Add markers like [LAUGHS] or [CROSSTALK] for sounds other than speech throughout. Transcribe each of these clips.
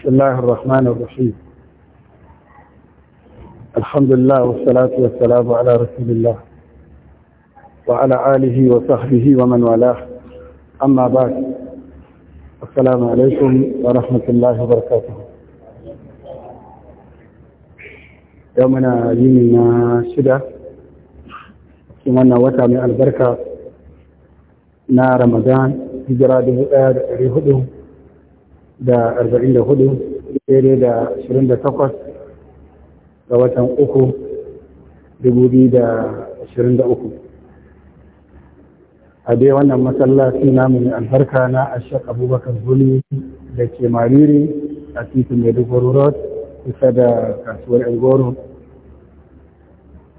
بسم الله الرحمن الرحيم الحمد لله والصلاة والسلام على رسول الله وعلى آله وصحبه ومن والاه أما بعد السلام عليكم ورحمة الله وبركاته يومنا يومنا شدة يومنا وتعمل البركة نار رمضان hijira dubu ɗaya da arba'in da hudu daidai da ashirin da takwas ga watan uku dubu biyu da ashirin da uku a dai wannan masallaci namu mai albarka na ashek abubakar guli da ke mariri a titin maiduguri road kusa da kasuwar goro.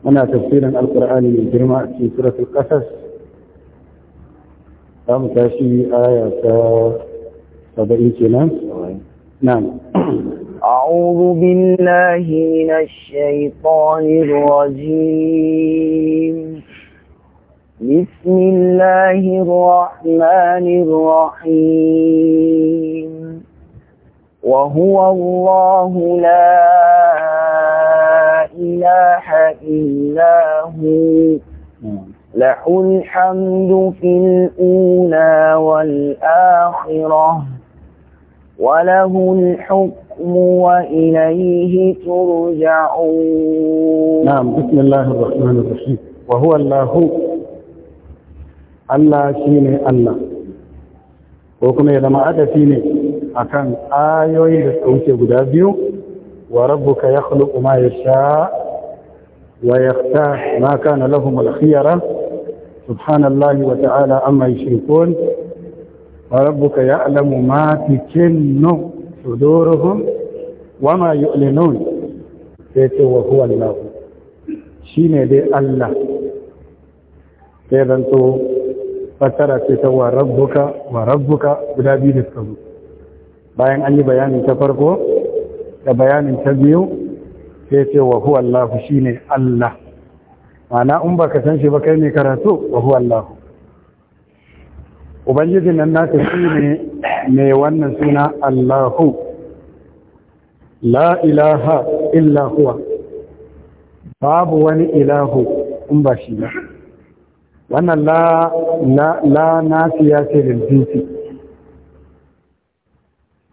muna tafsirin alkur'ani mai girma a cikin suratul kasas za mu tashi aya ta saba'in kenan نعم أعوذ بالله من الشيطان الرجيم بسم الله الرحمن الرحيم وهو الله لا إله إلا هو نعم. له الحمد في الأولى والآخرة وله الحكم وإليه ترجعون نعم بسم الله الرحمن الرحيم وهو الله الله شيني الله وكما ما هذا سيني أكان آيوي لسكوتي بدابيو وربك يخلق ما يشاء ويختار ما كان لهم الخيرة سبحان الله وتعالى أما يشركون وربك يعلم ما تكن صدورهم وما يؤلنون sai وهو الله شيني دي الله sai zanto fassara ce ta wa rabbuka wa rabbuka guda biyu da suka bayan an yi bayanin ta farko da bayanin ta biyu sai ce wa huwa Allah shine Allah ma'ana in baka san shi ba kai ne karatu wa huwa Ubangiji nan nasu shi ne mai wannan suna allahu la ilaha illa huwa babu wani ilahu in ba shi ba wannan la ya ce liljinsi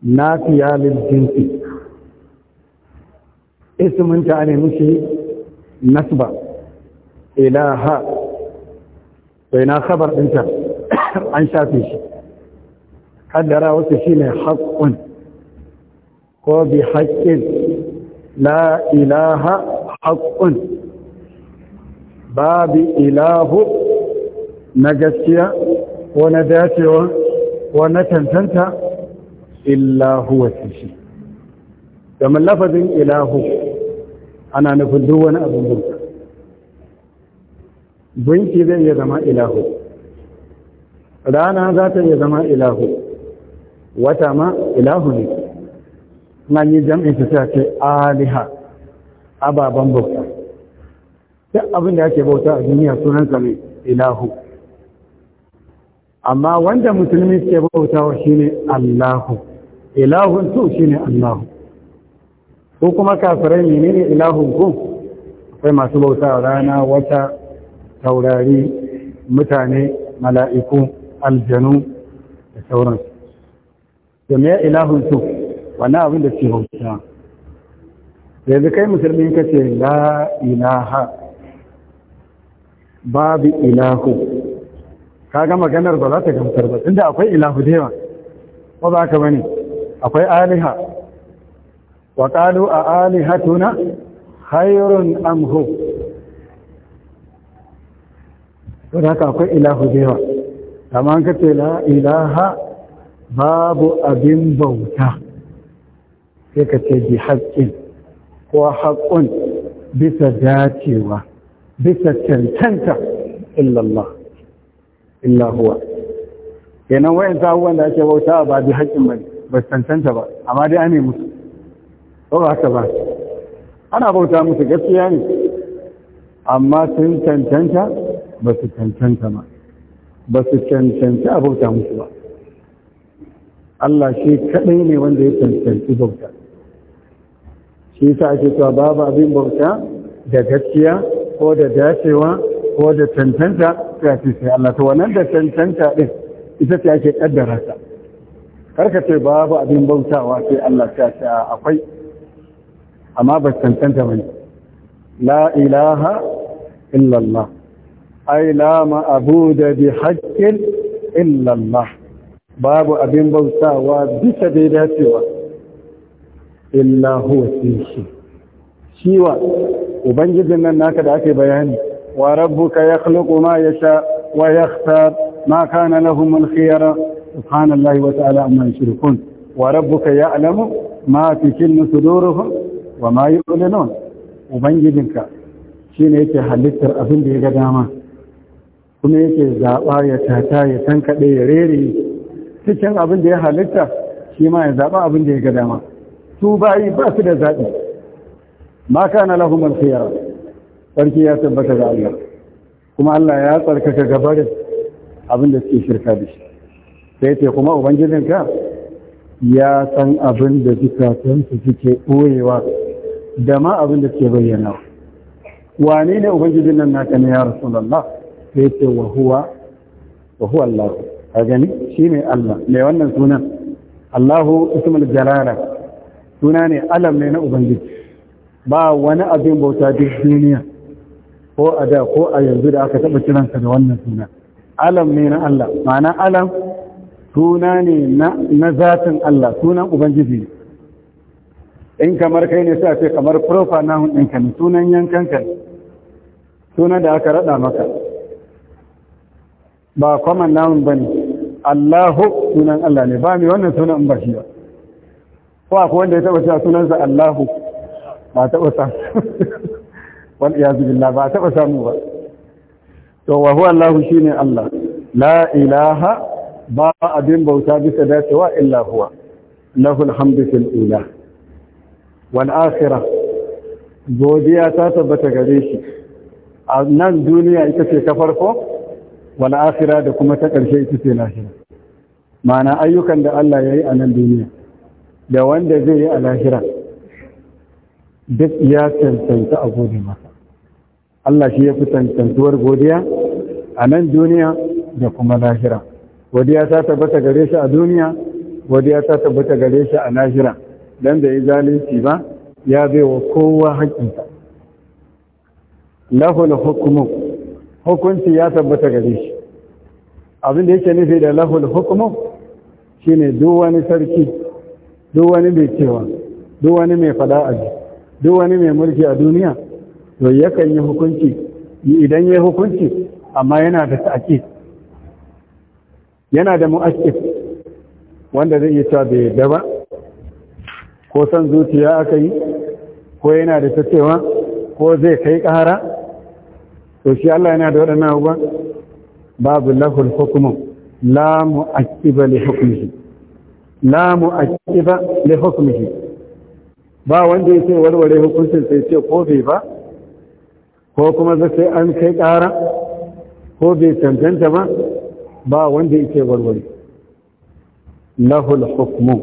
nafiya liljinsi isminta ne mushi ba, ilaha bai na khabar ɗinta an shafe shi kaddara wasu shi ne haƙƙun ko bi haƙƙin la ilaha haƙƙun babu ilahu na gaskiya ko na dacewa ko na tantanta illahu wasu shi domin lafazin ilahu ana nufin duk wani abin bunki zai iya zama ilahu rana za ta iya zama ilahu wata ma ilahu ne na yi jam'in su ta ce aliha ababen bauta duk abin da yake bauta a duniya sunan mai ilahu amma wanda musulmi suke bautawa shine allahu ilahun su shine allahu ko kuma kafirai menene ilahun ku akwai masu bauta rana wata taurari mutane mala'iku aljanu da sauransu to me ilahun su wannan abin da ke bauta yanzu kai musulmi ka ce la ilaha babu ilahu ka ga maganar ba za ta gamsar ba inda akwai ilahu da yawa ba ka bane akwai aliha wa qalu a alihatuna khairun am hu to da akwai ilahu da yawa amma an kace la ilaha babu abin bauta sai ka ce bi haƙƙin ko haƙƙun bisa dacewa bisa cancanta illallah illa huwa kenan wayan abubuwan da ake bauta ba bi haƙƙin ba ba cancanta ba amma dai ane musu ba ba ba ana bauta musu gaskiya ne amma sun cancanta ba su cancanta ba su cancanci a bauta musu ba Allah shi kaɗai ne wanda ya cancanci bauta shi sa ake cewa babu abin bauta da gaskiya ko da dacewa ko da cancanta ta ce sai Allah to wannan da cancanta din ita ce ake kaddara ta karka ce babu abin bautawa sai Allah ta ce akwai amma ba cancanta bane la ilaha illallah ai la da bi haƙƙin illallah babu abin bautawa bisa da dacewa illahu huwa shi shiwa ubangijin nan naka da ake bayani wa rabbuka yakhluqu ma yasha wa yakhtar ma kana lahum al-khiyara subhanallahi wa ta'ala amma yushrikun wa rabbuka ya'lamu ma su sudurhum wa ma yu'linun ubangijinka shine yake halittar abin da ya ga dama kuma yake zaɓa ya tata ya tankaɗe ya rere cikin abin da ya halitta shi ma ya zaɓa abin da ya ga dama su bayi ba su da zaɓi ma na lahumar alkhiyara sarki ya tabbata ga Allah kuma Allah ya tsarkaka gabarin abin da suke shirka da shi sai ce kuma ubangijinka ya san abin da zukatansu suke ɓoyewa da ma abin da suke bayyana wa ne ubangijin nan naka ne ya Allah? sai ce wa huwa wa huwa Allah ka gani shi ne Allah mai wannan sunan Allahu ismul jalala suna ne alam ne na ubangiji ba wani abin bauta duk duniya ko a da ko a yanzu da aka taɓa kiransa da wannan suna alam ne na Allah ma'ana alam suna ne na zatin Allah sunan ubangiji ne in kamar kai ne sai kamar profa na ɗinka ne sunan yankanka sunan da aka raɗa maka ba kwaman namun ba ne allahu sunan allah ne ba mai wannan sunan ba shi ba ko akwai wanda ya taba cewa sunansa allahu ba taba samu [LAUGHS] Wani iyazu billah ba taba samu ba to wa huwa shi ne allah la ilaha ba abin bauta bisa dacewa illa huwa lahu alhamdu fil ula wal akhirah godiya ta tabbata gare shi a nan duniya ita ce ta farko wal akhira da kuma ta ƙarshe ita ce lahira ma'ana ayyukan da Allah ya yi a nan duniya da wanda zai yi a lahira duk ya cancanta a gode masa Allah shi ya fi cancantuwar godiya a nan duniya da kuma lahira godiya ta tabbata gare shi a duniya godiya ta tabbata gare shi a lahira dan da yi zalunci ba ya bai wa kowa haƙƙinsa na hukmu hukunci ya tabbata gare shi abin da yake nufi da lahul hukumu shine duk wani sarki duk wani mai cewa duk wani mai fada a duk wani mai mulki a duniya to yakan yi hukunci idan ya hukunci amma yana da ta'aƙi yana da mu'aƙi wanda zai yi cewa bai yadda ba ko san zuciya aka yi ko yana da ta cewa ko zai kai ƙara to shi Allah yana da waɗannan abubuwan babu lahul hukumun la mu'aqqiba li hukmihi la mu'aqqiba li hukmihi ba wanda yake warware hukuncin sai ce ko bai ba ko kuma zai an kai ƙara ko bai tantanta ba ba wanda yake warware lahul hukmu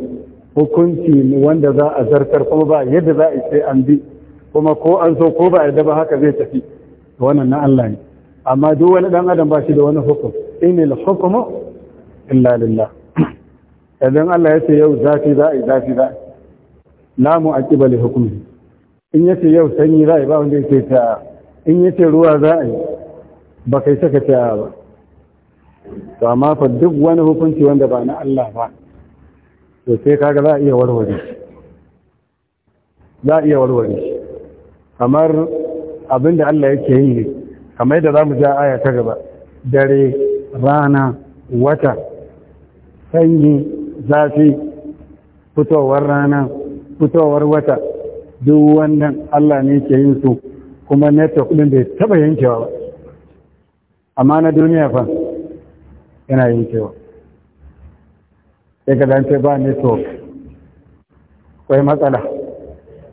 hukunci wanda za a zartar kuma ba yadda za a sai an bi kuma ko an so ko ba a yadda ba haka zai tafi wannan na Allah ne amma duk wani dan adam ba shi da wani hukum inil hukmu illa lillah [CLEARS THROAT] idan Allah ya ce yau zafi za a yi zafi za la mu aqiba li in ya ce yau sanyi za a yi ba wanda yake ta in ya ce ruwa za a yi ba kai saka ta ba to amma fa duk wani hukunci wanda ba na Allah ba to sai kaga za a iya warware shi za a iya warware shi kamar abinda Allah yake yi ne kamar yadda zamu ja aya ta gaba dare rana wata sanyi zafi fitowar rana fitowar wata duk wannan Allah ne yake yin su kuma network din bai taba yankewa ba amma na duniya fa yana yankewa sai ka dace ba network akwai matsala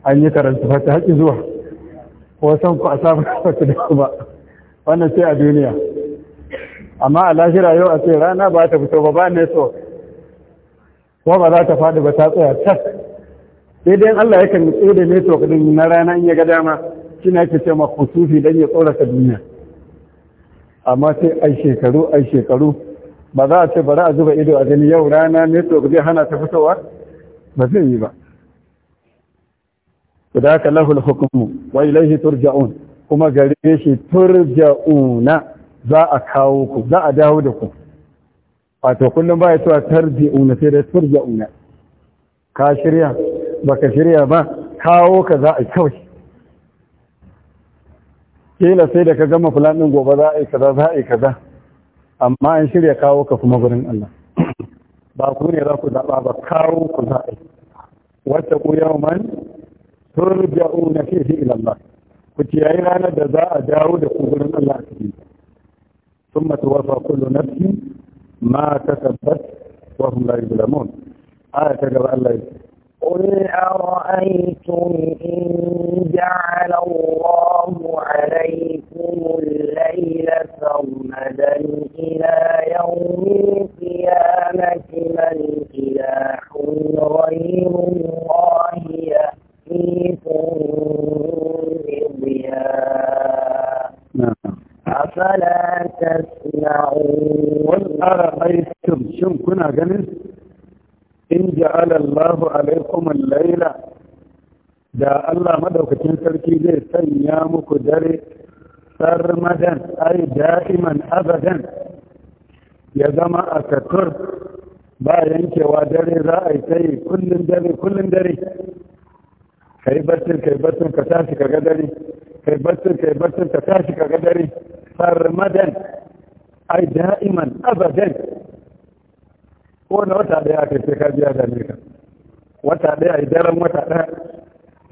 an yi karanta fata haƙi zuwa wasan ku a samun kafin su ba wannan sai a duniya amma a lahira yau a ce rana ba ta fito ba ba ne so ko ba za ta faɗi ba ta tsaya tas sai dai Allah ya kan tsaye da network kudin na rana in ya ga dama shi na ke ce ma kusufi don ya tsorata duniya amma sai ai shekaru ai shekaru ba za a ce bari a zuba ido a gani yau rana network zai hana ta fitowa ba zai yi ba turja'un kuma gare shi turja'una za a kawo ku. Za a dawo da ku. wato kullum ba ya cewa tarji'una sai dai turja'una ka shirya ba ka shirya ba kawo ka za a yi kawai kila sai da ka gama fulanin gobe za a yi kaza za a yi kaza amma an shirya kawo ka kuma gurin Allah ba ku ne za ku zaba ba kawo ku za a yi wata ku yau man ترجعون فيه إلى الله قلت يا إلهنا جزاء داود قبول الله فيه ثم توفى كل نفس ما كسبت وهم لا يظلمون آية كما الله قل أرأيتم إن جعل الله عليكم الليل سرمدا إلى يوم القيامة من إله غير الله حنيف ضياء أفلا تسمعون أرأيتم شم كنا جنس da Allah madaukakin sarki zai sanya muku dare sarmadan ai da'iman abadan ya zama a katur ba yankewa dare za a yi ta yi kullum dare kullum dare kai baccin kai baccin ka tashi ka gadari kai baccin kai baccin ka tashi ka gadari farmadan ai da'iman abadan na wata daya aka ce ka biya da ka wata daya ai daren wata daya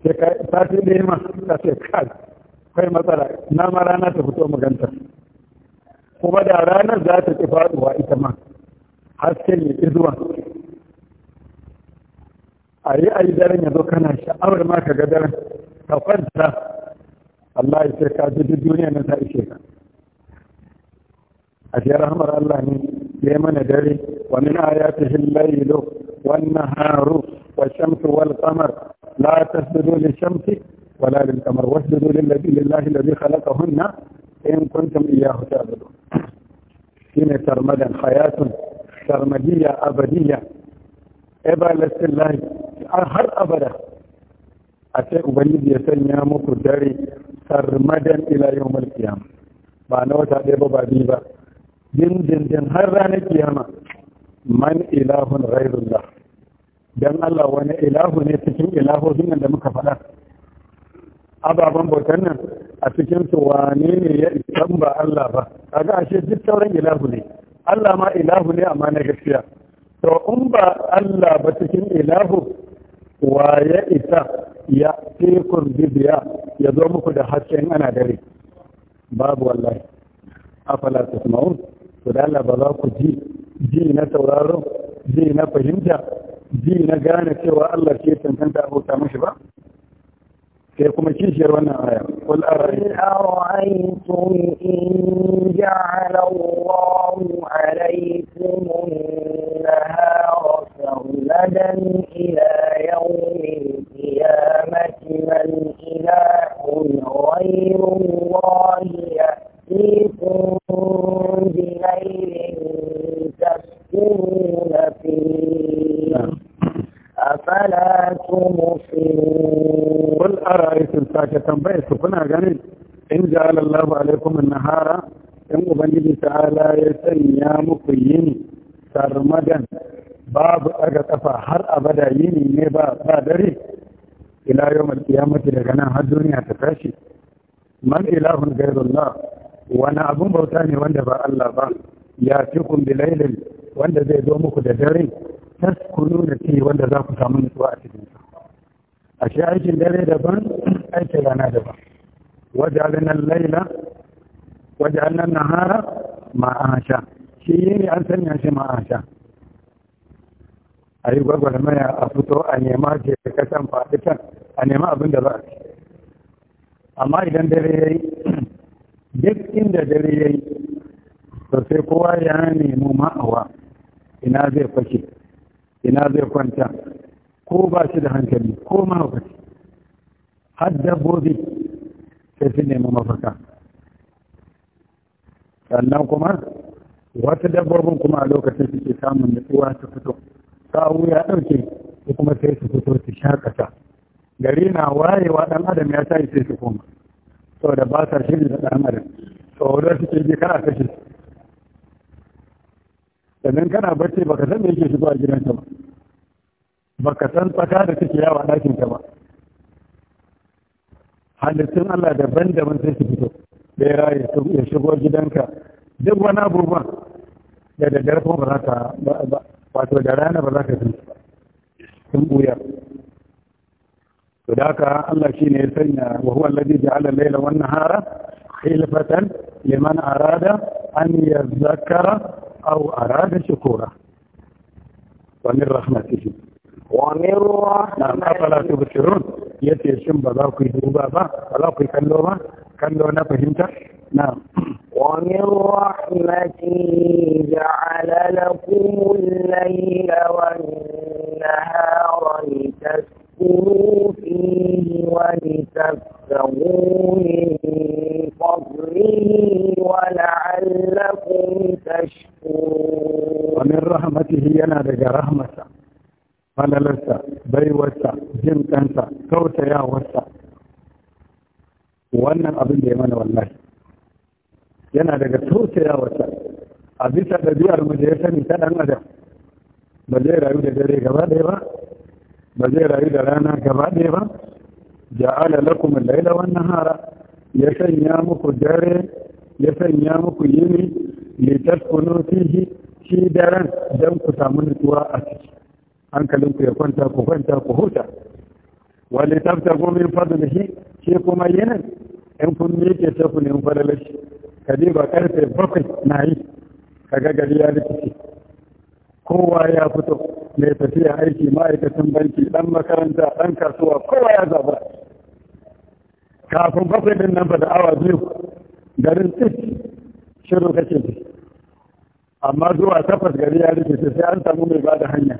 sai ka sati ne ma ka ce kai kai matsala na ma rana ta fito maganta kuma da ranar za ta ci faduwa ita ma hasken ne izuwa a yi a daren ya zo kana sha'awar ma ka ga daren ka kwanta Allah ya sai ka ji duk duniya nan ta ishe ka a shi rahamar Allah ne ya mana dare wa min ayatihi al-layl wa an-nahar wa ash-shamsu wal qamar la tasjudu lish-shamsi wa la lil-qamar wasjudu lilladhi lillahi alladhi khalaqahunna in kuntum iyyahu ta'budun shine tarmadan hayatun tarmadiyya abadiyya everlasting life har abada a sai ubangiji ya sanya muku dare sarmadan ila yau qiyam ba na wata ɗaya ba ba biyu ba dindindin har ranar kiyama man ilahun ghairullah dan Allah wani ilahu ne cikin ilahohin nan da muka faɗa ababen bautan nan a cikin su wane ne ya isan ba Allah ba kaga ashe duk sauran ilahu ne Allah ma ilahu ne amma na gaskiya to in ba Allah ba cikin ilahu wa ya isa ya tekun bibiya ya zo muku da hasken ana dare babu wallahi afala tasma'un to da Allah ba za ku ji ji na sauraro ji na fahimta ji na gane cewa Allah ke tantanta abota mashi ba وانا آية. قل أرأيتم إن جعل الله عليكم النهار سرمدا إلى يوم القيامة من إله غير الله يأتيكم بليل تسكنون فيه نعم. أفلا تبصرون sun sake tambayar su kuna ganin in ja alallahu alaikum nahara in ubangiji ta'ala ya sanya muku yini sarmadan babu daga kafa har abada yini ne ba ba dare ila yawmal qiyamati daga nan har duniya ta tashi man ilahun ghayrullah wani abun bauta ne wanda ba Allah ba ya tikun bilailin wanda zai zo muku da dare taskunu da ci wanda za ku samu nutsuwa a cikin a shi aikin dare daban aikin rana daban nan laila nan nahara ma'asha shi yini an sanya shi ma'asha a yi gwagwarmaya a fito a nema ke kasan faɗi a nema abin da za a ci amma idan dare ya yi duk inda dare ya yi to sai kowa ya nemi ma'awa ina zai fashe ina zai kwanta ko ba shi da hankali ko mahaukaci har dabbobi sai su nemi mafaka sannan kuma wata dabbobin kuma a lokacin suke samun nutsuwa su fito sawu ya ɗauke su kuma sai su fito su ƙasa gari na wayewa ɗan adam ya tashi sai su koma saboda ba sa shiri da ɗan adam tsoro suke ji kana kashe su sannan kana bacci baka san me yake shigo a gidansa ba baka san tsaka da take yawa ɗakin ka ba halittun Allah daban-daban sai su fito da ya su ya shigo gidanka duk wani abubuwan da da garfin ba za ka wato da rana ba za ka sun sun buya to da haka Allah ne ya sanya wa huwa alladhi ja'ala layla wan nahara khilfatan liman arada an yadhakkara aw arada shukura wa min rahmatihi ومن رحمته نعم، أفلا تبصرون يتي شن بذاكي دوبا با بذاكي كلو با كلو أنا فهمت نعم ومن رحمته جعل لكم الليل والنهار لتسكنوا فيه ولتبتغوا من فضله ولعلكم تشكرون ومن رحمته ينادى رحمته falalarsa baiwarsa jin kansa kautayawarsa wannan abin da ya mana wallahi yana daga kautayawarsa a bisa ɗabi'ar mu da ya sani ta ɗan adam ba zai rayu da dare gaba ɗaya ba ba zai rayu da rana gaba ɗaya ba ja'ala lakum al-laila wan nahara ya sanya muku dare ya sanya muku yini litaskunu fihi shi daren dan ku samu nutsuwa a ciki hankalinku ya kwanta ku kwanta ku huta wani tafta gomin min da shi kuma yinin in kun miƙe ta ku nemi fadlashi ka ba karfe bakwai na yi ka ga gari ya rikici kowa ya fito mai tafiya aiki ma'aikacin banki dan makaranta dan kasuwa kowa ya zaba kafin bakwai din nan da awa biyu garin tsit shiru kake amma zuwa tafas gari ya rikici sai an samu mai ba da hanya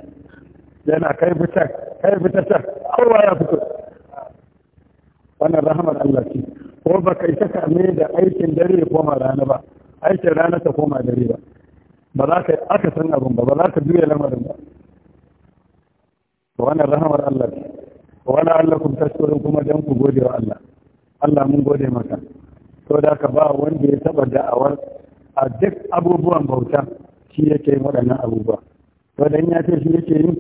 yana kai fitar kai fitar ta kowa ya fito wannan rahamar Allah ce ko ba kai ta kame da aikin dare ko koma rana ba aikin rana ta koma dare ba ba za ka aka san abin ba ba za ka juya lamarin ba wannan rahamar Allah ce wani Allah kun tashkurin kuma don ku gode wa Allah Allah mun gode maka to da ka ba wanda ya taba da'awar a duk abubuwan bauta shi yake waɗannan abubuwa wadanda ya ce shi yake yi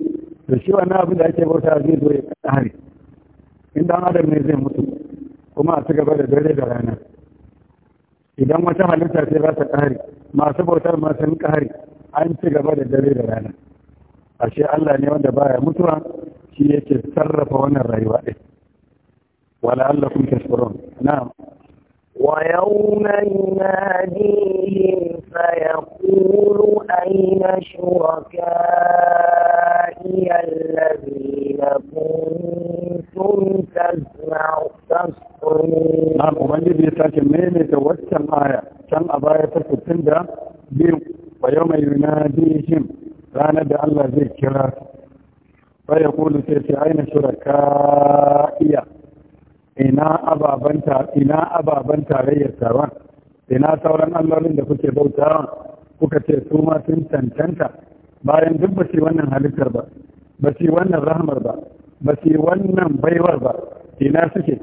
to shi wannan abin da ake bauta zai zo ya hari in dan adam ne zai mutu kuma a ci gaba da dare da rana idan wata halitta ce za ta ƙare masu bautar ma sun ƙare an ci gaba da dare da rana ashe Allah ne wanda baya mutuwa shi yake sarrafa wannan rayuwa din wala allakum tashkurun na'am ويوم يناديهم فيقول أين شركائي الذين كنتم تسمعون نعم ومجد يساك مين توجه معايا كان أبايا تكتن ده بيو ويوم يناديهم رانا ده الله ذكرك فيقول سيسي أين شركائي ina ababen tarayyar taron ina sauran allolin da kuke bautawa kuka ce su ma sun cancanta bayan duk ba wannan halittar ba ba wannan rahmar ba ba wannan baiwar ba ina suke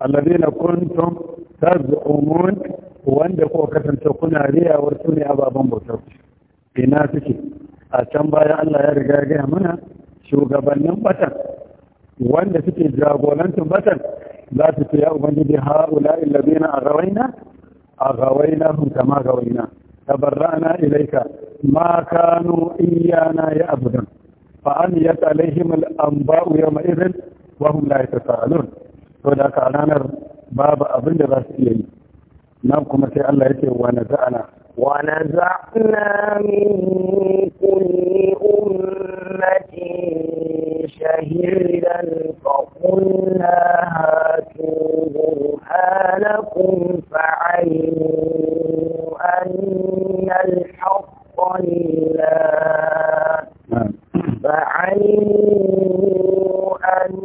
alladina kuntum tazumun wanda ko kasance kuna riyawar su ne ababen bautar ina suke a can baya Allah ya riga ya gaya mana shugabannin batan wanda suke jagorantar batan za su ce ya ubangiji ha'ula gawaina A gawaina sun kama aghawayna tabarra'na ilaika ma kanu iyyana ya'budun fa an yatalihim al-anba'u yawma idhin wa hum la yatasaalun to da ka ranar babu abin da za su iya yi نعم كما الله يتي ونزعنا ونزعنا من كل أمة شهيدا فقلنا هاتوا برهانكم فعلموا أن الحق لله نعم. فعلموا أن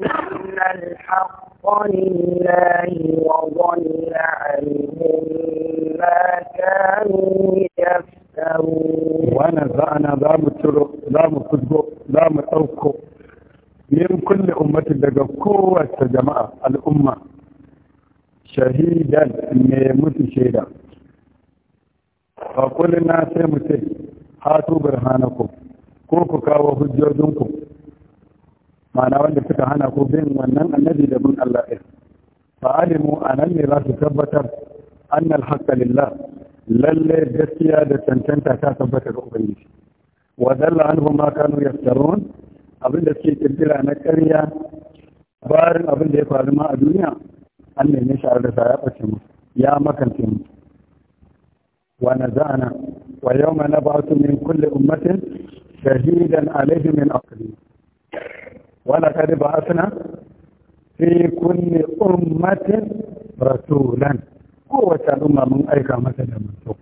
الحق حقا لله وضل عنهم ما كانوا يفترون ونزعنا دام الشرق دام الصدق دام الأوكو من كل أمة لقى قوة جماعة الأمة shahidan mai mutu shaida fakulina sai mu ce hatu burhanakum ko ku kawo hujjojinku ma'ana wanda suka hana ko bin wannan annabi da bin Allah ɗin fa alimu anan ne za su tabbatar annal haqqa lillah lalle gaskiya da cancanta ta tabbata ga ubangiji wa zalla an ma kanu yaftarun abin da suke kirkira na karya, barin abin da ya faru ma a duniya an neme shi da ta ya ɓace mu ya makance mu wa nazana wa yau ba su min kulle ummatin shahidan alaihi min wala kad ba'athna fi kulli ummatin rasulan kowace al'umma mun aika masa da manzo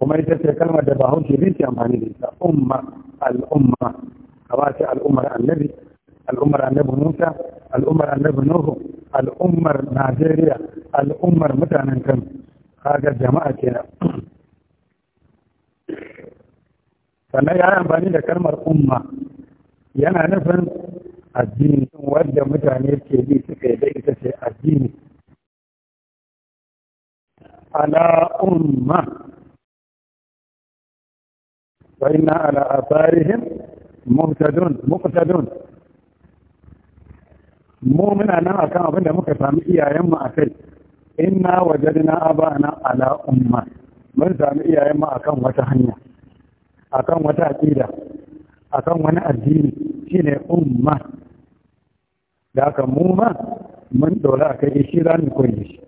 kuma ita ce kalmar da bahaushe bin ce amfani da ita umma al'umma kama ce al'ummar annabi al'ummar annabi musa al'ummar annabi nuhu al'ummar najeriya al'ummar mutanen kan kaga jama'a kenan sannan ya yi amfani da kalmar umma yana nufin addini wadda mutane ke bi suka yi ita ce addini ala umma wa inna ala asarihim muhtadun muqtadun mu muna nan akan abin da muka sami iyayenmu a kai inna wajadna abana ala umma mun sami iyayenmu akan wata hanya akan wata aqida akan wani addini shine umma da aka muma mun dole a kai shi za mu koyi shi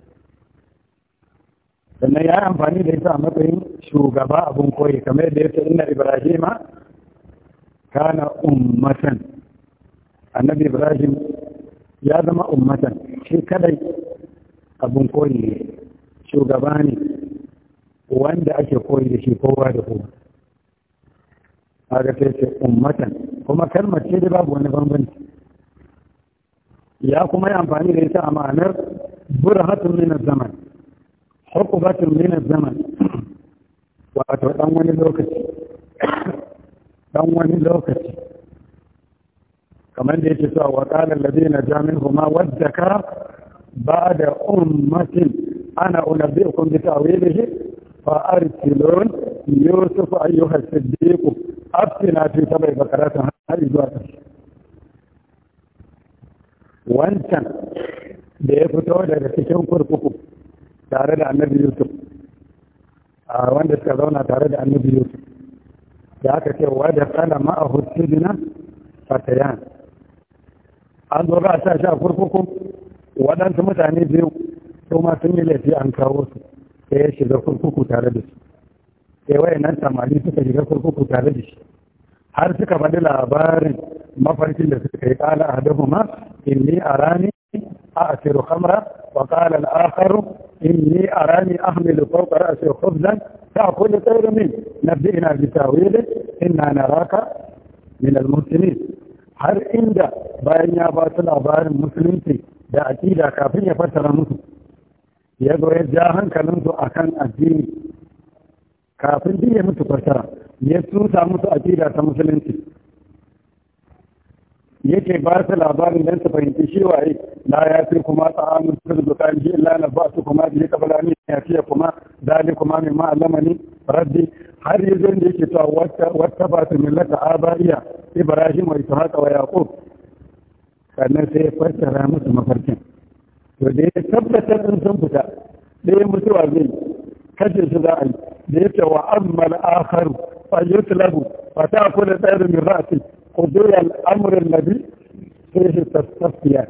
sannan ya yi amfani da ita a matsayin shugaba abin koyi kamar yadda ya ce inna ibrahima kana ummatan annabi ibrahim ya zama ummatan shi kadai abin koyi ne shugaba ne wanda ake koyi da shi kowa da kowa kaga sai ce ummatan kuma kalmar ce dai babu wani bambanci ya kuma yi amfani da ita a ma'anar burhatun min zaman hukubatun min zaman wato dan wani lokaci dan wani lokaci kamar da yake cewa wa qala alladhina jaminhuma waddaka ba'da ummatin ana unabbiukum bi ta'wilihi فأرسلون يوسف أيها الصديق أفتنا في سبع بقرات هذه جوات wancan da ya fito daga cikin kurkuku tare da annabi yusuf a wanda suka zauna tare da annabi yusuf da aka ce wa da kala ma'ahu sujina fatayan an zo ga sa shi a kurkuku waɗansu mutane biyu su ma sun yi laifi an kawo su sai ya shiga kurkuku tare da su sai nan samari suka shiga kurkuku tare da shi har suka faɗi labarin mafarkin da suka yi ƙala a ma, inni arani أعثر خمرة asiru hufzan ta أراني أحمل min na خبزا ina bisa wili, ina na raka min al musulmi har inda bayan ya ba su labarin musulunci da aƙida kafin ya fassara musu ya zo ya ja hankalinsu a kan addini kafin duk ya mutu kwata ya tusa musu aƙida ta musulunci yake ba su labarin don su fahimci shi waye na ya fi kuma su sun zuka shi illa na ba su kuma biyu kabala ne ya fiye kuma zali kuma mai ma'alama ne rabbi har yi zan yake cewa wata ba su millata abariya ibrahim wa isa haka wa yaƙub sannan sai ya fassara musu mafarkin to da ya tabbatar in sun fita ɗaya mutuwa zai kashe su za a yi da ya ce wa ammal a fa yutlabu fa ta'kulu tayru min ra'si qudiya al-amr alladhi fihi tastafiya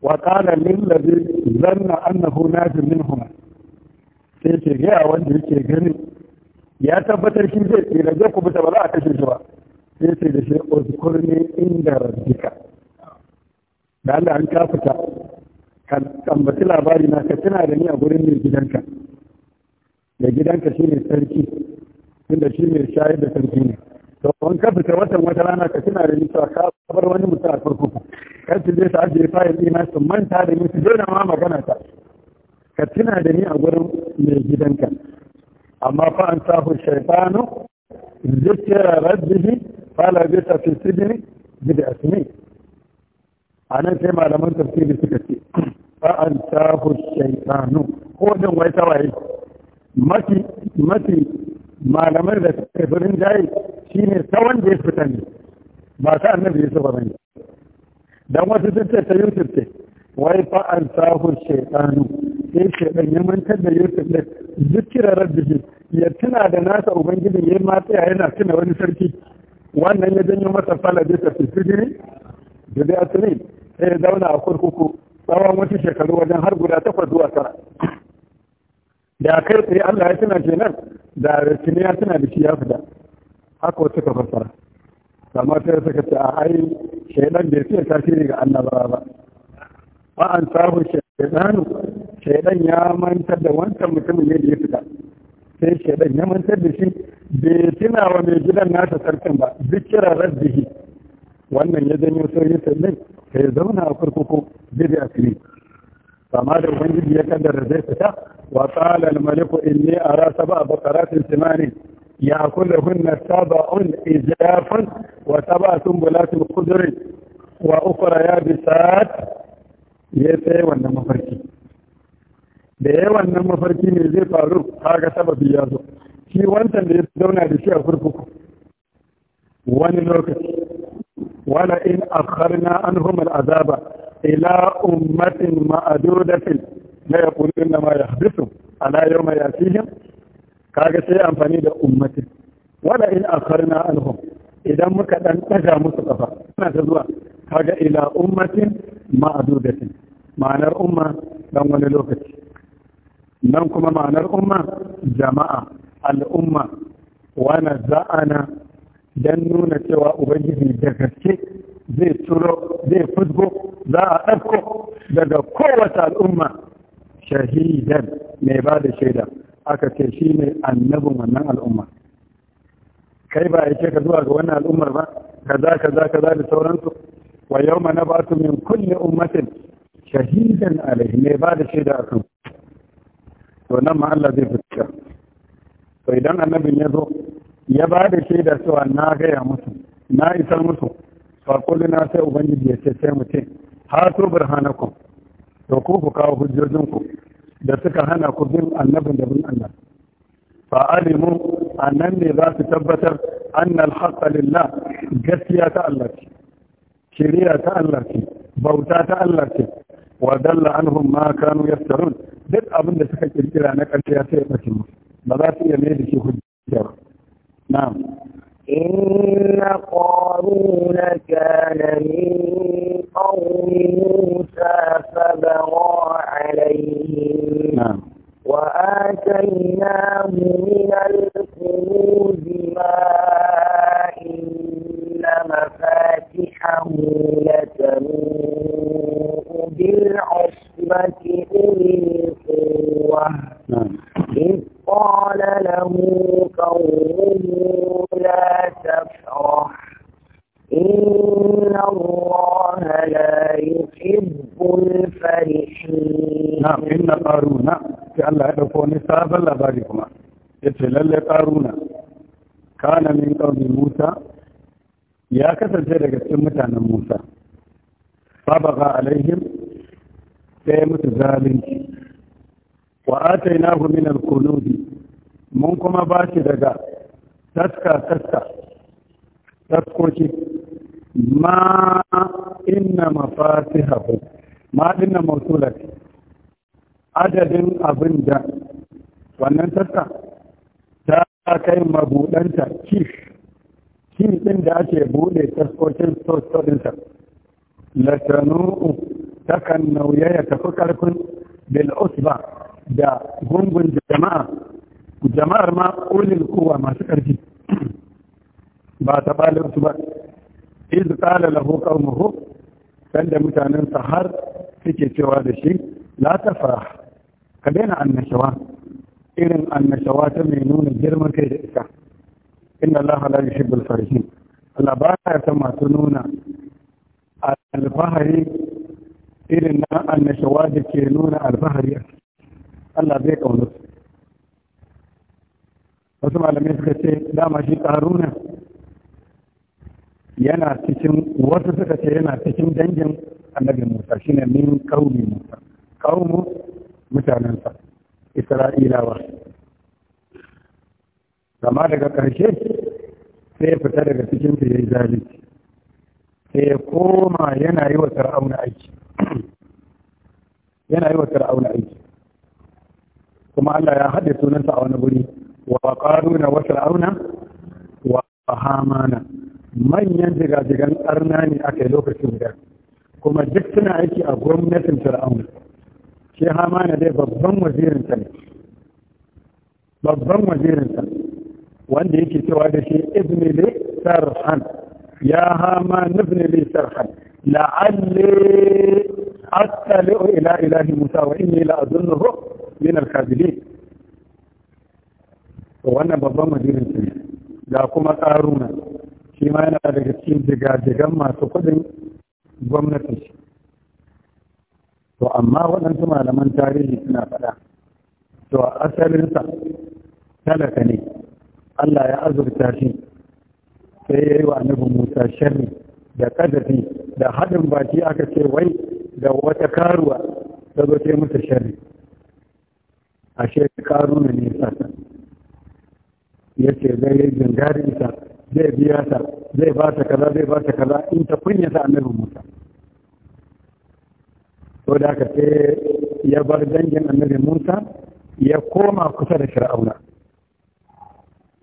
wa qala lil ladhi zanna annahu min minhuma sai ce ga wanda yake ganin ya tabbatar shi zai tsira zai kubuta ba za a kashe shi ba sai ce da shi uzkurni inda rabbika da Allah an kafuta ka tambaci labari na ka tuna da ni a gurin mai gidanka da gidanka shine sarki tunda shi mai shayar da sarki ne to an ka fita watan wata rana ka tuna da ni cewa ka bar wani mutum a ku. kar su je su ajiye fayil ɗina su manta da ni su daina ma magana ta ka tuna da ni a gurin mai gidanka amma fa an sahu shaifanu zikira rabbihi fala bisa fi sibili bid'atni a nan sai malaman tafsiri suka ce fa'an tafu shaitanu ko wajen wai tawaye mafi mafi malamai da suka furin rinjaye shi ne ta wanda ya fita ne ba ta annabi yusuf ba ne dan wasu sun ce ta yusuf ce wai fa'an tafu shaitanu sai shaitan ya mantar da yusuf ne zikirar rabbi ya tuna da nasa ubangijin ya ma tsaya yana tuna wani sarki wannan ya janyo masa falaje ta fi da da sai zauna a kurkuku tsawon wata shekaru wajen har guda takwas zuwa tara da kai tsaye Allah ya tuna kenan da rikini ya tuna da shi ya fita haka wata ka fassara amma sai yi ce a ai shaidan bai fiye tasiri ga annabawa ba ba an sahu shaidanu shaidan ya mantar da wancan mutumin yadda ya fita sai shaidan ya mantar da shi bai tuna wa mai gidan nasa sarkin ba kira rabbihi wannan ya janyo sai ya ka sai ya zauna a kurkuku a asiri kama da ubangiji ya kaddara zai fita wa qala al maliku inni ara sab'a baqaratin simani يأكلهن سبع إزاف وسبع سنبلات خضر وأخرى ya يسي wannan mafarki da yayi wannan mafarki ne zai faru kaga sababi ya zo shi wancan da ya zauna da shi a kurkuku wani lokaci ولئن أخرنا عنهم العذاب إلى أمة معدودة لا يقول إنما يحدث على يوم يأتيهم كاغا سي أنفاني دا أمة ولئن أخرنا عنهم إذا مكدن تجا مصطفى أنا تزوى كاغا إلى أمة معدودة معنى الأمة دون لوكت نمكم معنى الأمة جماعة الأمة ونزعنا don nuna cewa ubangiji da gaske zai turo zai fusgo za a ɗauko daga kowace al'umma shahidan mai ba da shaida aka ce shi ne annabin wannan al'umma kai ba ya ce ka zuwa ga wannan al'ummar ba kaza kaza kaza da sauransu wa yau na ba su min kulle ummatin shahidan alaihi mai ba da shaida a kan to nan ma Allah zai fuska to idan annabin ya zo ya ba da shaida cewa na gaya musu na isa musu fakoli na sai ubangiji ya ce sai mutum ha to to ku ku kawo hujjojinku da suka hana ku bin annabin da bin Allah alimu annan ne za su tabbatar annal haqqa lillah gaskiya ta Allah ce shari'a ta Allah ce bauta ta Allah ce wa dalla anhum ma kanu yaftarun duk abin da suka kirkira na ƙarshe ya sai ya fashe ba za su iya mai da shi hujja ba نعم إن قارون كان من قوم موسى فبغى عليهم نعم وآتيناه من الكنوز ما إن مفاتحه لتنوء بالعصمة أولي القوة نعم قال له قومه لا تفرح إن الله لا يحب الفرحين نعم إن قارون كان كألا يدفون سابا لباركما يتلل قارون كان من قوم موسى يا كسر جيدك سمتان موسى فبغى عليهم سيمت ذلك wa atainahu min al mun kuma ba shi daga taska taska taskoki ma inna mafatihahu ma dinna mawsulat adadin abin da wannan taska ta kai mabudanta kif ki din da ake bude taskokin sosodinta latanu takan nauyaya tafi karfin bil usba da gungun jama'a jama'ar ma ulil kowa masu ƙarfi ba ta balin su ba iz qala lahu qaumuhu sanda mutanen sa har suke cewa da shi la tafrah ka daina annashawa irin annashawa ta mai nuna girman kai da ita inna allaha la yuhibbul farihin Allah ba ya san masu nuna alfahari irin na annashawa da ke nuna alfahari a Allah zai ƙaunar su wasu malamai suka ce dama shi ƙaruna yana cikin wasu suka ce yana cikin dangin annabi Musa shi ne min ƙaunin Musa kaumu mutanensa Isra'ilawa amma daga ƙarshe sai fita daga cikin su yayi zalici. sai ya koma yana yi wa fir'auna aiki [CLEARS THROAT] yana yi wa fir'auna aiki kuma Allah ya haɗe sunansa a wani guri wa qaruna wa fir'auna wa hamana manyan jigajigan arna ne aka yi lokaci guda kuma duk suna aiki a gwamnatin fir'auna shi hamana dai babban wazirinsa ne babban wazirinsa wanda yake cewa da shi ibn li sarhan ya hama ibn li sarhan la'alli attali'u ila ilahi musa wa inni min al wannan babban madirin ne da kuma karuna shi ma yana daga cikin jigajigan masu kuɗin gwamnati to amma waɗansu malaman tarihi suna faɗa to asalinsa talaka ne Allah ya azurta shi sai ya yi wa annabi Musa sharri da kadafi da haɗin baki aka ce wai da wata karuwa ta zo musu sharri ashe karuna ne sa ya ce zai yi jingari ta zai biya ta zai ba ta kaza zai ba ta kaza in ta kunya ta annabi musa to da ka ce ya bar dangin annabi musa ya koma kusa da fir'auna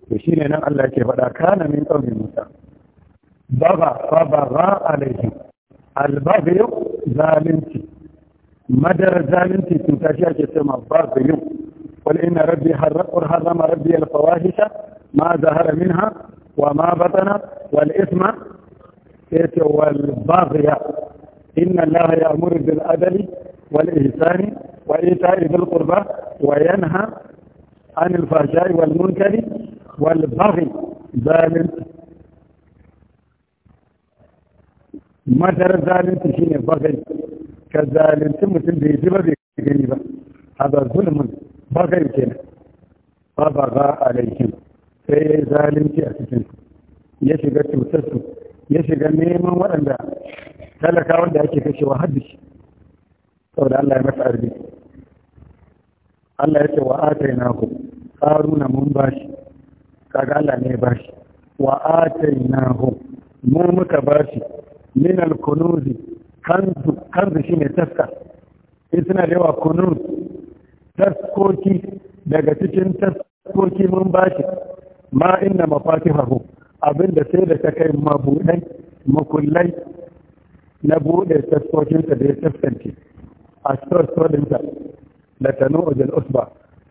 to shine nan Allah ke faɗa kana min qaumi musa baba fa ba alaihim al-baghy zalunci مدى زالنتي تنتاجها الضار بيوم قل إن ربي حرم ربي الفواحش ما ظهر منها وما بطن والإثم والباغية إن الله يأمر بالأدل والإحسان وإيتاء ذي القربى وينهى عن الفهجاء والمنكر والبغي ذلك madar zalunci shine bagai ka zalunci mutum bai ji ba bai gani ba hada zulmun bagai kenan ba baga alaikin sai ya zalunci a cikin ya shiga cutar su ya shiga neman waɗanda talaka wanda ake kashewa haddi shi saboda Allah ya masa arziki Allah ya ce wa na ku karuna mun bashi kaga Allah ne bashi wa atayna mu muka bashi min al-kunuzi kanzu kanzu shine taska in suna da yawa kunuz taskoki daga cikin taskoki mun bashi ma inna mafatihahu abinda sai da ta kai mabudai mukullai na bude taskokinsa da ya taskance a storinsa da tanu ojil usba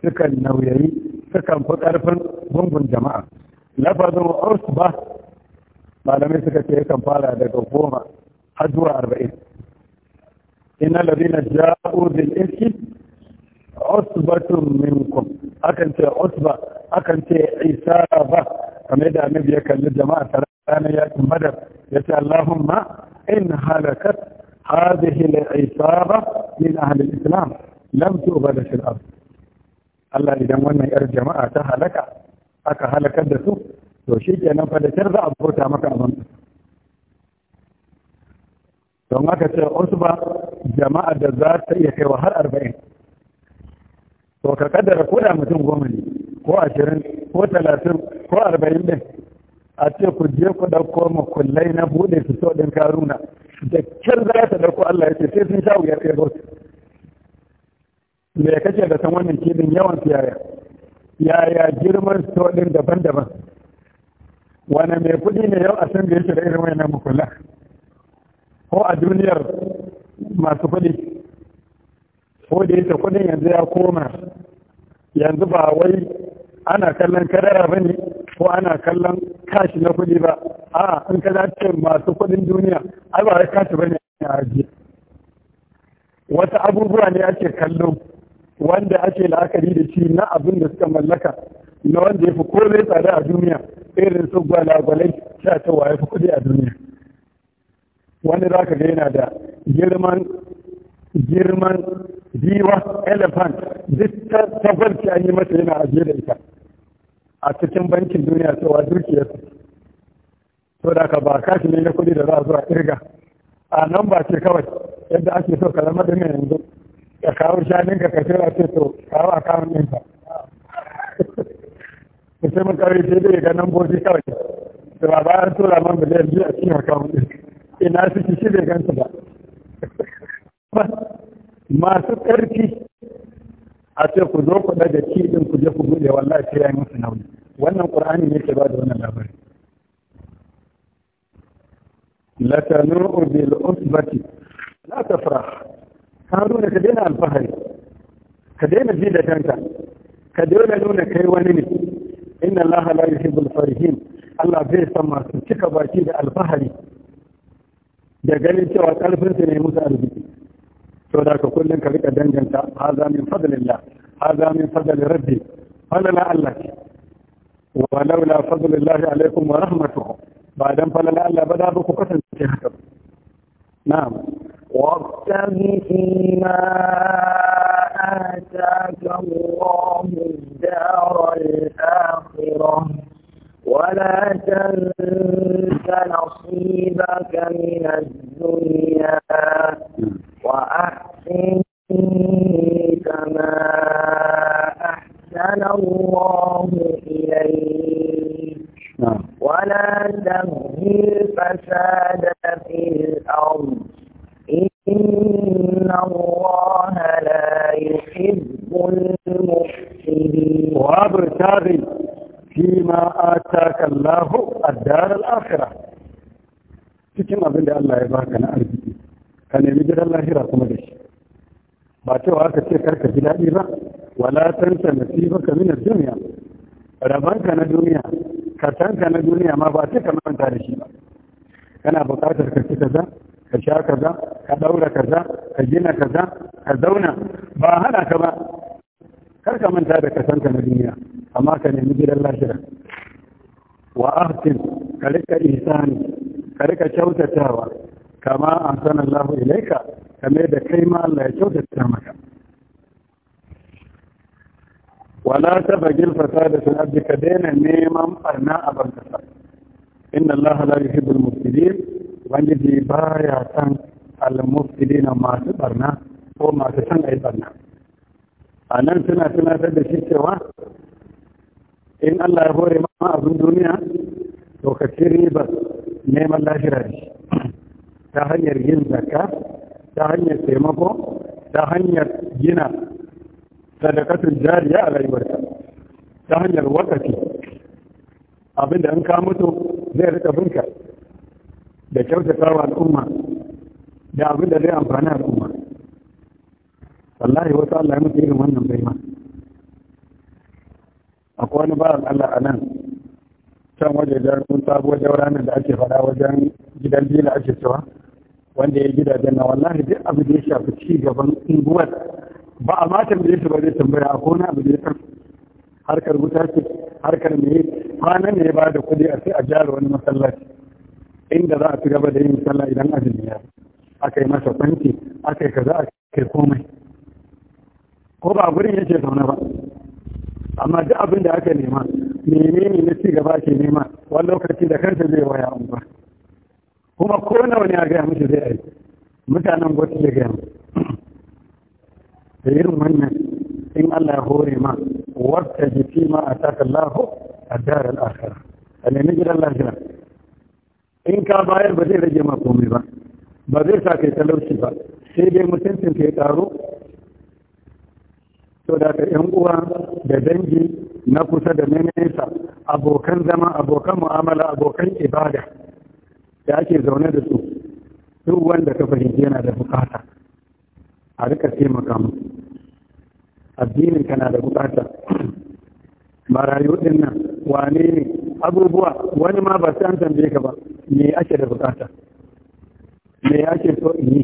sukan nauyayi sukan fi karfin gungun jama'a lafazin usba malamai suka ce yakan fara daga goma har zuwa arba'in inna ladina ja'u bil ifki usbatun minkum akan ce usba akan ce isaba kamar da annabi ya kalli jama'a tare ranar yakin badar ya ce allahumma in halakat hadhihi al isaba min ahli al islam lam tu'bad fil ard Allah idan wannan yar jama'a ta halaka aka halakar da su to shi kenan fa da kyar za a bauta maka abin don haka ce ba jama'a da za ta iya wa har arba'in to ka kaddara ko da mutum goma ne ko ashirin ko talatin ko arba'in ɗin a ce ku je ku ɗauko makullai na buɗe su so ɗin karuna da kyar za ta ɗauko Allah ya ce sai sun sha wuyar ɗaya me kake da san wannan kibin yawan siyaya? yaya yaya girman su ɗin daban-daban wane mai kuɗi ne yau a san da yake da irin wayannan mukulla ko a duniyar masu kuɗi ko da yake kuɗin yanzu ya koma yanzu ba wai ana kallon karara ba ne ko ana kallon kashi na kudi ba a in ka ce masu kuɗin duniya ai ba wai kashi ba ne a ajiye wata abubuwa ne ake kallo wanda ake la'akari da shi na abin da suka mallaka na wanda ya fi zai tsada a duniya irin su gwalagwalai sha ta waye kudi a duniya wani za ka ga yana da girman girman biwa elephant duk ta tabarci an yi masa yana ajiye da ita a cikin bankin duniya cewa dukiyar to da ka ba kashi ne na kudi da za a zuwa kirga a nan ba ce kawai yadda ake so ka zama yanzu ka kawo shanin ka ka kira ce to kawo a kawo ɗinka sai mun kawai sai dai ga nan bozi kawai da ba bayan tura man da biyu a cikin akawun ina suke shi da ganta ba masu ƙarfi a ce ku zo ku daga ci din ku je ku bude wallahi sai ya yi musu nauyi wannan qur'ani ne ke ba da wannan labari la tanu bil usbati la tafrah haruna ka daina alfahari ka daina ji da kanka ka daina nuna kai wani ne inna allaha la yuhibbul farihin Allah zai san masu cika baki da alfahari da ganin cewa karfin su ne musu arziki to da ka kullun ka rika danganta haza min fadlillah haza min fadl rabbi falala Allah ce wa laula fadlillah alaikum wa rahmatuhu ba dan falala Allah ba da ku kasance haka na'am وابتغ فيما آتاك الله الدار الآخرة ولا تنس نصيبك من الدنيا وأحسن كما أحسن الله إليك نعم. ولا تبغي الفساد في الأرض إن الله لا يحب المفسدين وابتغي فيما آتاك الله الدار الآخرة cikin abin da Allah ya baka na arziki ka nemi gidan lahira kuma da shi ba cewa aka ce karka ji daɗi ba wala tanta nasibaka min ad-dunya rabanka na duniya ka tanka na duniya ma ba ce ka manta da shi ba kana buƙatar ka ci kaza ka sha kaza ka daura kaza ka gina kaza ka zauna ba hana ka ba kar ka manta da ka na duniya amma ka nemi gidan lashira wa ahsin ka rika ihsani ka rika kyautatawa kama ahsana Allah ilaika kame da kai ma Allah ya kyautata maka wala tabghil fasada fil ardi ka daina neman barna a bankasa inna Allah la yuhibbul mufsidin ubangiji ba ya san almufsidina masu barna ko masu san yi barna a nan suna tunatar da shi cewa in Allah ya hore ma abin duniya to ka ci ba neman lahira shi. ta hanyar yin zakka ta hanyar taimako ta hanyar gina sadakatun jariya a rayuwarka ta hanyar wakafi abinda in ka mutu zai rika binka da kyautata wa al'umma da abin da zai amfani al'umma wallahi wasu Allah ya mutu irin wannan bai ma akwai wani ba Allah a nan can waje da sun sabo wajen ranar da ake fada wajen gidan jila ake cewa wanda ya gidajen na wallahi duk abu da ya shafi ci gaban unguwar ba a ma tambaye shi ba zai tambaya a kona abu da ya harkar wuta ce harkar mai kwanan ne ya ba da kuɗi a sai a jara wani masallaci inda za a fi gaba da yin sallah idan azumi ya aka yi masa fanti aka yi kaza aka yi komai ko ba gurin ce zaune ba amma duk abin da aka nema menene na ci gaba ke nema wani lokaci da kansa zai waya unguwa kuma ko nawa ne a gaya mishi zai yi mutanen gwata da gaya da irin wannan in Allah ya hore ma wata jiki ma a taka lahu a darar akara a nemi gidan lafiya in ka bayar ba zai rage ma komai ba ba zai sa kai talauci ba sai dai mutuncin ka ya karo to da ka yan uwa da dangi na kusa da na nesa abokan zama abokan mu'amala abokan ibada da ake zaune da su duk wanda ka fahimci yana da bukata a rika taimaka mu addinin ka na da bukata marayu din nan wane ne abubuwa wani ma ba san tambaye ka ba me ake da bukata me ake so in yi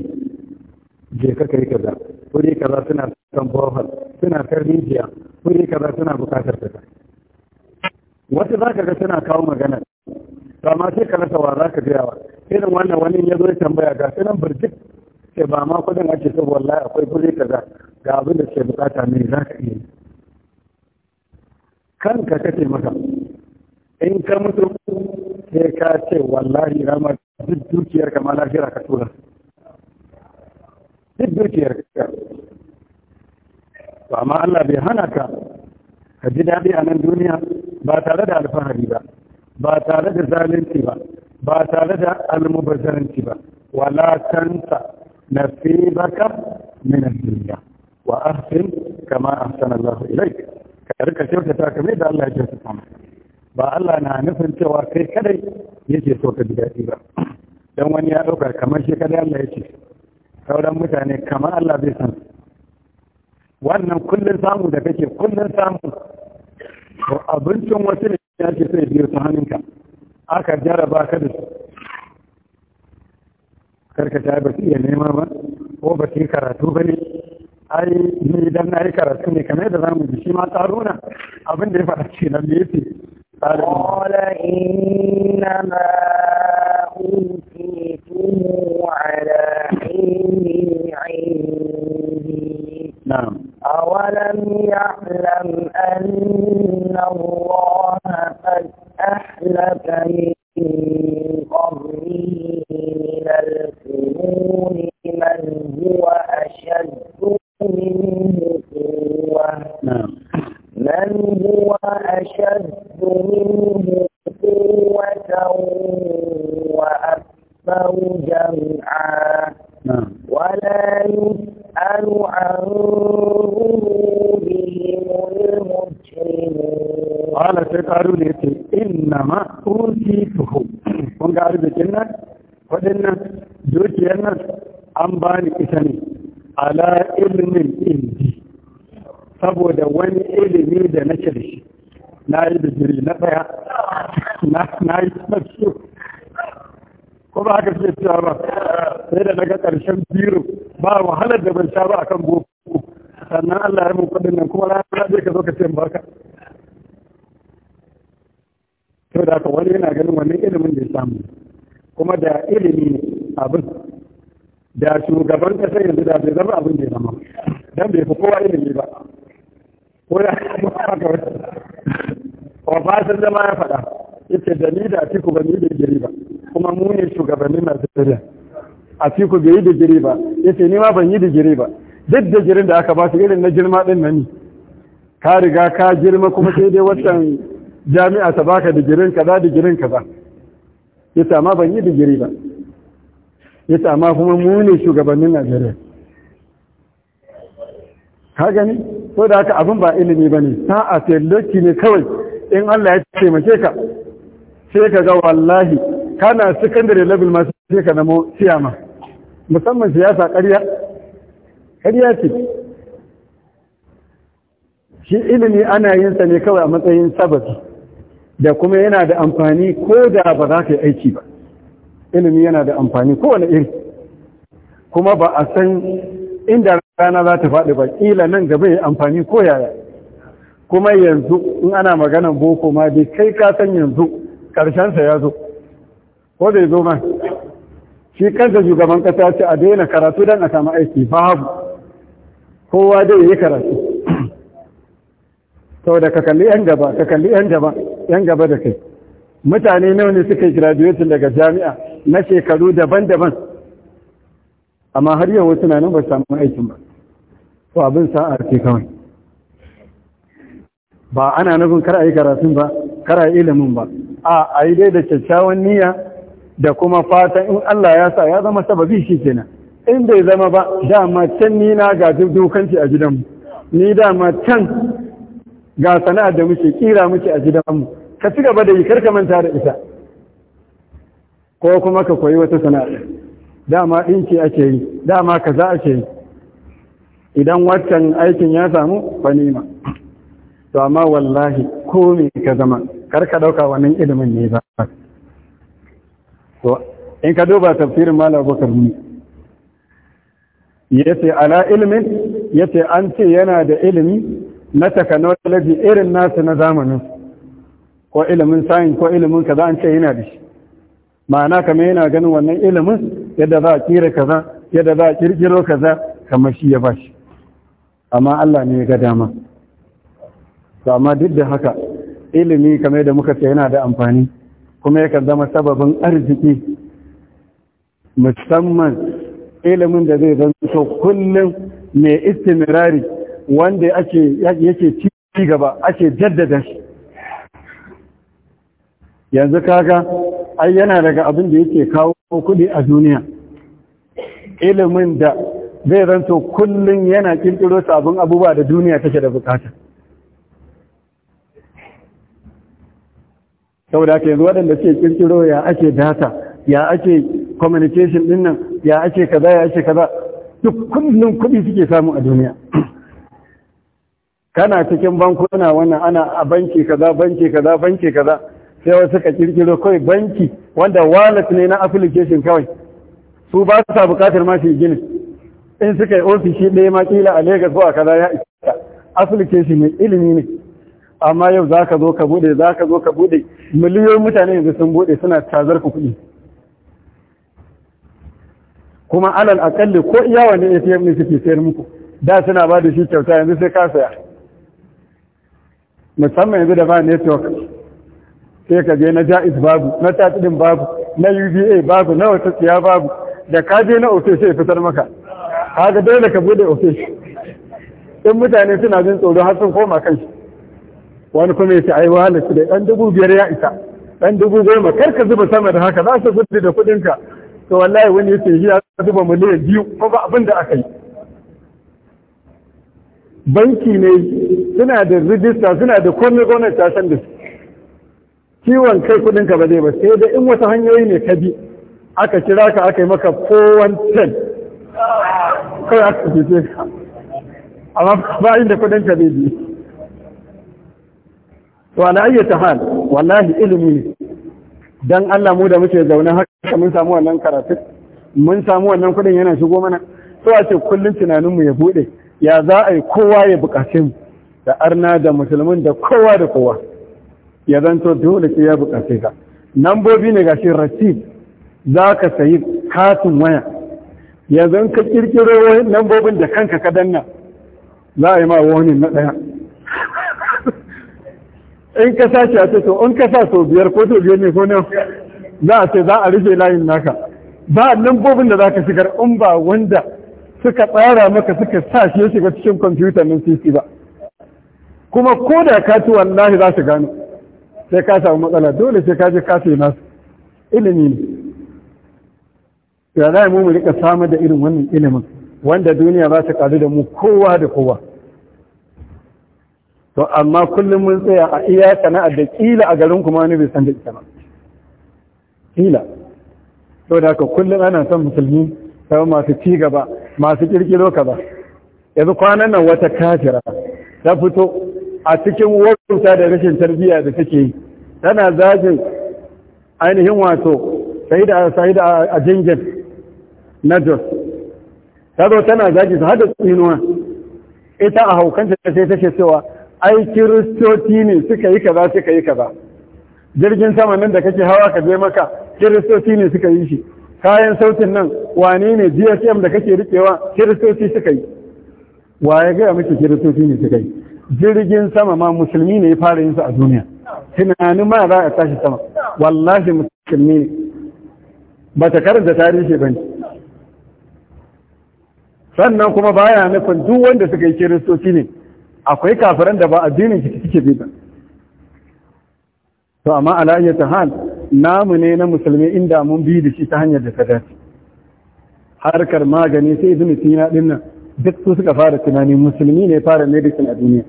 je ka kai kaza kuri kaza suna kan bohol suna kan rijiya kuri kaza suna bukatar kaza wata za ka ga suna kawo magana ba ma sai ka rasa wa za ka gaya wa irin wannan wani ya zo ya tambaya ga sunan birjik sai ba ma kudin ake so wallahi akwai kuri kaza ga abin da ke bukata me za ka iya kanka kace maka in ka mutu sai ka ce wallahi rama duk dukiyar ka ma lafiya ka tura duk dukiyar ka to amma Allah bai hana ka ka ji daɗi a nan duniya ba tare da alfahari ba ba tare da zalunci ba ba tare da almubazzaranci ba wala na nasibaka min ad-dunya wa ahsin kama ahsana Allah ilayka ka rika kyautata kamar da Allah ya kyautata ma ba Allah na nufin cewa kai kadai yake so ka ji daɗi ba dan wani ya ɗauka kamar shi kadai Allah yake sauran mutane kamar Allah bai san wannan kullun samu da kake kullun samu to abincin wasu ne ya ce sai biyo ta hannunka aka jaraba ka da su karka ta ba su iya nema ba ko ba su karatu ba ne ai ni idan na yi karatu ne kamar yadda zamu ji shi ma tsaruna abin da ya faɗa ce nan da yake قال إنما أوتيته على علم عندي نعم أولم يعلم أن الله قد أحلف من قبله من القرون من هو أشد منه قوة من هو أشد منه قوة وأكثر جمعا ولا يسأل عن ذنوبهم المجرمون قال سيقالوا لي إنما أوتيته kun ga arzikin nan kuɗin nan dukiyar nan an bani ita ne ala ilimin indi saboda wani ilimi da na da shi na yi digiri na tsaya na yi ko ba haka ce cewa ba sai da daga ƙarshen biro ba wahalar da ban sha ba akan boko sannan Allah ya mun kuɗin nan kuma rana zai ka zo ka ce baka to da ka wani yana ganin wannan ilimin da ya samu kuma da ilimi ne abin da shugaban kasa yanzu da bai zama abin da zama dan bai fi kowa ilimi ba ko ya haka wata obasan zama ya faɗa Ita da ni da atiku ba ni da gari ba kuma mu ne shugabanni masu a atiku bai yi digiri ba Ita ni ma ban yi digiri ba duk digirin da aka ba su irin na girma din na ni, ka riga ka girma kuma sai dai watan jami'a ta baka digirin kaza digirin kaza Ita ma ban yi digiri ba ya amma kuma mu shugabannin Najeriya ka gani so da haka abin ba ilimi ba ne. sa'a sai tsallaki ne kawai in Allah ya taimake ka sai ka ga wallahi kana secondary level ma sai ka namo siyama musamman siyasa ƙarya ƙarya ce shi ilimi ana yin sa ne kawai a matsayin sababi da kuma yana da amfani ko da ba za ka yi aiki ba ilimi yana da amfani kowane iri kuma ba a san inda rana za ta faɗi ba ƙila nan gaba ya amfani ko yaya kuma yanzu in ana maganan boko ma dai kai ka san yanzu ƙarshensa ya zo ko zai zo ma shi kansa shugaban kasa ce a daina karatu don a samu aiki babu kowa dai yi karatu sau da ka kalli yan gaba ka kalli yan gaba yan gaba da kai mutane nawa ne suka yi graduation daga jami'a na shekaru daban-daban amma har yau wasu na nan ba samu aikin ba to abin sa'a ce kawai ba ana nufin kar a yi karatun ba kar a yi ilimin ba a a yi dai da kyakkyawan niyya da kuma fatan in Allah ya sa ya zama sababi shi kenan in bai zama ba dama can ni na ga dukanci a gidanmu ni dama can ga sana'ar da muke kira muke a gidan mu. ka ci gaba da yi karka manta da ita ko kuma ka koyi wata sana'a dama ɗinki ake yi dama kaza ake yi idan waccan aikin ya samu fanima to amma wallahi ko me ka zama karka ɗauka wannan ilimin ne ba to in ka duba tafsirin malam abubakar ne yace ala ilmin yace an ce yana da ilimi na technology irin nasu na zamanin ko ilimin sayin ko ilimin kaza an ce yana da shi ma'ana kamar yana ganin wannan ilimin yadda za a kira kaza yadda za a kirkiro kaza kamar shi ya bashi amma Allah ne ya ga dama amma duk da haka ilimi kamar yadda muka ce yana da amfani kuma yakan zama sababin arziki musamman ilimin da zai zan so kullum mai istimirari wanda yake ci gaba ake jaddada shi yanzu kaga ai yana daga abin da yake kawo kuɗi a duniya ilimin da zai ranto kullum yana kirkiro sabon abubuwa da duniya take da bukata saboda ke yanzu waɗanda suke kirkiro ya ake data ya ake communication din ya ake kaza ya ake kaza duk kullum kudi suke samu a duniya kana cikin bankuna wannan ana a banki kaza banki kaza banki kaza sai wasu suka kirkiro kawai banki wanda wallet ne na application kawai su ba sa bukatar ma shi gini in suka yi ofishi ɗaya ma kila a Legas ko a kaza ya isa application mai ilimi ne amma yau za ka zo ka bude za ka zo ka bude miliyoyin mutane yanzu sun bude suna tazar ku kuɗi kuma alal akalli ko iya wani ATM ne suke sayar muku da suna ba da shi kyauta yanzu sai ka saya musamman yanzu da ba network sai ka je na jaiz babu na tatidin babu na uba babu na wata tsiya babu da ka je na ofis sai fitar maka dai dole ka bude ofis in mutane suna jin tsoro har sun koma kan shi wani kuma ya ce ai wahala su da ɗan dubu biyar ya isa ɗan dubu goma kar ka zuba sama da haka za su gudu da kuɗinka to wallahi wani ya ce ya zuba miliyan biyu ko ba abin da aka yi banki ne suna da rijista suna da komai gwamnati ta san da su ciwon kai kudinka ba zai ba sai da in wata hanyoyi ne ka bi aka kira ka aka yi maka 410 kawai aka fice ka amma ba inda kudinka zai bi to ala ayyata hal wallahi ilimi dan Allah mu da muke zaune haka mun samu wannan karatu mun samu wannan kudin yana shigo mana to a ce kullun tunanin mu ya bude ya za a yi kowa ya bukace mu da arna da musulmin da kowa da kowa ya zanto dole sai ya bukace ka nambobi ne ga shi za ka sayi katin waya yanzu ka kirkiro lambobin da kanka ka danna za a yi ma wani na ɗaya in ka sa shi a ce to in ka sa sau biyar ko sau biyar ne ko ne. za a ce za a rufe layin naka ba lambobin da za ka shigar in ba wanda suka tsara maka suka sa shi ya shiga cikin kwamfuta nan sisi ba kuma ko da ka ci wallahi za su gano sai ka samu matsala dole sai ka je ka sai nasu ilimi ne ya za mu rika samar da irin wannan ilimin wanda duniya za ta karu da mu kowa da kowa to amma kullum mun tsaya a iya sana'ar da kila a garin kuma wani bai san da ita ba kila to da ka kullum ana son musulmi sai masu ci gaba masu kirkiro ba yanzu kwanan nan wata kafira ta fito a cikin warkuta da rashin tarbiyya da take yi tana zagin ainihin wato sahida a jingin na jos ta zo tana zagi su hada tsinuwa ita a haukanta sai take cewa ai kiristoci ne suka yi kaza suka yi kaza jirgin sama nan da kake hawa ka je maka kiristoci ne suka yi shi kayan sautin nan wane ne gsm da kake rikewa kiristoci suka yi wa ya gaya miki kiristoci ne suka yi jirgin sama ma musulmi ne ya fara yin su a duniya tunanin ma za a tashi sama wallahi musulmi ne ba ta karanta tarihi ba ne sannan kuma baya nufin duk wanda suka yi kiristoci ne akwai kafiran da ba addinin shi suke bi ba to amma ala ta hal namu ne na musulmi inda mun bi da shi ta hanyar da ta dace harkar magani sai ibnu sina din duk su suka fara tunani musulmi ne fara medicine a duniya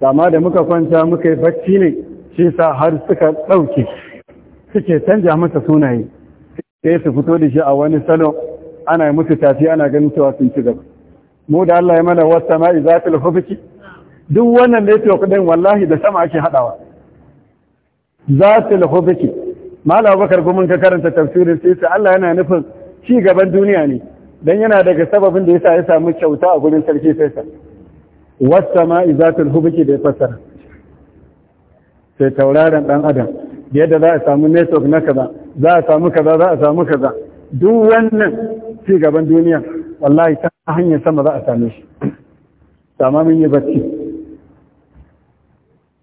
dama da muka kwanta muka yi bacci ne shi sa har suka ɗauke suke canja masa sunaye sai su fito da shi a wani salo ana musu tafi ana ganin cewa sun ci gaba mu da Allah ya mana wata ma'i za ta lafafi duk wannan da ya ce kudin wallahi da sama ake haɗawa za ta lafafi mala abubakar gumin ka karanta tafsirin sai sai Allah yana nufin ci gaban duniya ne don yana daga sababin da ya sa ya samu kyauta a gurin sarki sai wata ma izatul hubuki da ya fassara sai tauraron dan adam yadda za a samu network na kaza za a samu kaza za a samu kaza duk wannan ci gaban duniya wallahi ta hanyar sama za a same shi sama mun yi bacci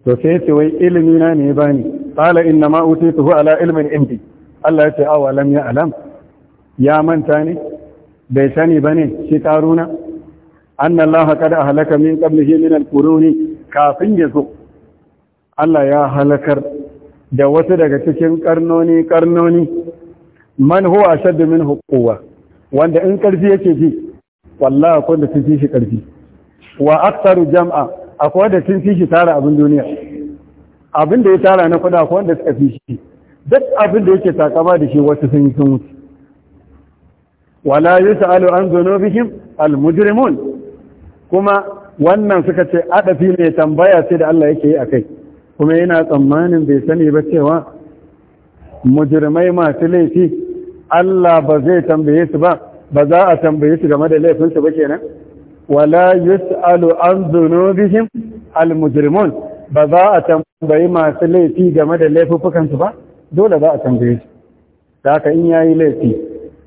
to sai ce wai ilimi na ne ni qala inna ma utituhu ala ilmin indi Allah ya ce awa lam ya alam ya manta ne bai sani bane shi karuna anna Allah kada ahlaka min qablihi min al-quruni kafin yazo Allah ya halakar da wasu daga cikin karnoni karnoni man huwa ashaddu minhu quwwa wanda in karfi yake ji wallahi akwai da sun fi shi karfi wa aktsaru jam'a akwai da sun fi shi tara abin duniya abin da ya tara na kuɗa akwai wanda suka fi shi duk abin da yake takama da shi wasu sun yi sun wuce wala yus'alu an dhunubihim al-mujrimun kuma wannan suka ce adafi mai tambaya sai da Allah yake yi a kai kuma yana tsammanin bai sani ba cewa mujirmai masu laifi Allah ba zai tambaye su ba ba za a tambaye su game da laifinsu ba kenan wala yus'alu an dhunubihim al mujrimun ba za a tambayi masu laifi game da laifukansu ba dole za a tambaye su da haka in yayi laifi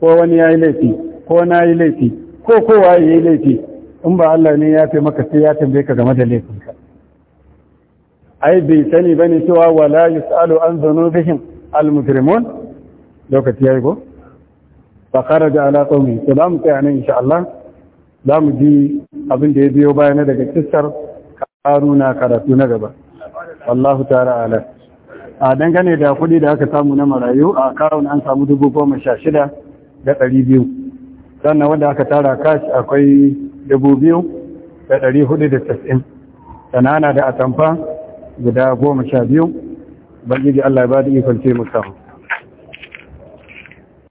ko wani yayi laifi ko na yi laifi ko kowa yayi laifi in ba Allah ne ya fi maka sai ya tambaye ka game da laifinka ai bai sani ba bane cewa wala yusalu an dhunubihim al mujrimun lokaci yayi Ba fa kharaja ala qaumi to za mu tsaya nan insha Allah za mu ji abin da ya biyo bayana daga kissar karuna karatu na gaba wallahu ta'ala ala a dangane da kuɗi da aka samu na marayu a karon an samu dubu goma sha shida da ɗari biyu sannan wanda aka tara kashi akwai dubu biyu da hudu da tas'in da atamfa guda goma sha biyu allah ya ba da ikon musamman